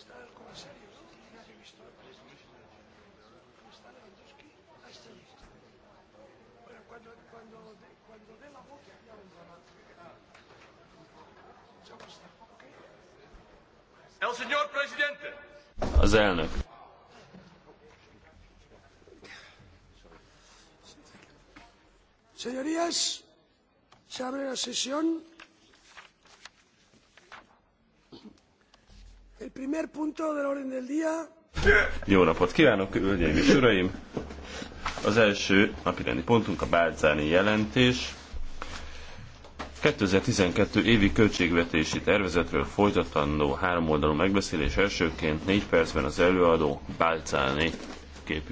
está cuando, cuando, cuando dé la ya vendrá la... Ya basta, ¿ok? El señor presidente. Az elnök. Señorías, se abre la sesión. Jó napot kívánok, hölgyeim és uraim! Az első rendi pontunk a Bálcáni jelentés. 2012 évi költségvetési tervezetről folytatandó három oldalú megbeszélés elsőként négy percben az előadó Bálcáni képviselő.